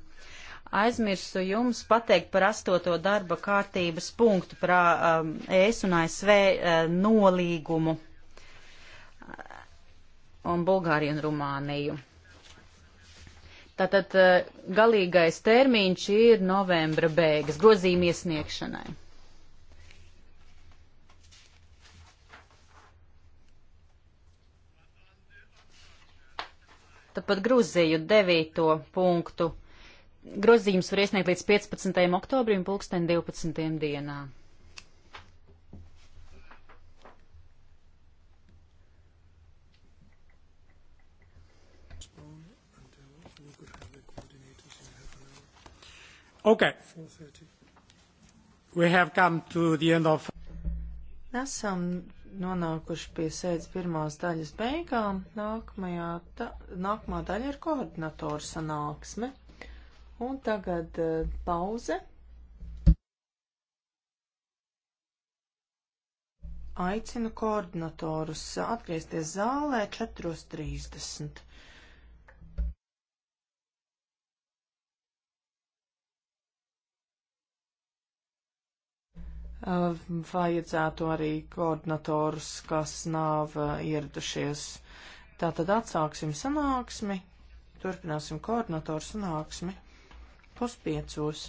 aizmirsu jums pateikt par astoto darba kārtības punktu par um, ES un ASV uh, nolīgumu uh, un Bulgāriju un Rumāniju. Tātad uh, galīgais termiņš ir novembra beigas grozījuma iesniegšanai. Tāpat Gruziju devīto punktu grozījums var iesniegt līdz 15. oktobrim, pulksten 12. dienā.
Okay. We have come to the end of.
Esam nonākuši pie sēdes pirmās daļas beigām. Nākamajā, ta, nākamā daļa ir koordinatoru sanāksme. Un tagad uh, pauze. Aicinu koordinatorus atgriezties zālē 4.30. Eh, vajadzētu arī koordinatorus, kas nav eh, ieradušies. Tātad atsāksim sanāksmi, turpināsim koordinatoru sanāksmi puspiecos.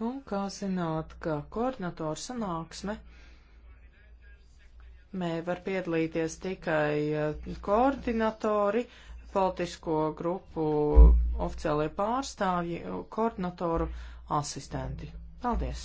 Un kā zināt, ka koordinatoru sanāksme mē var piedalīties tikai eh, koordinatori, politisko grupu oficiālajie pārstāvji, koordinatoru asistenti. Paldies!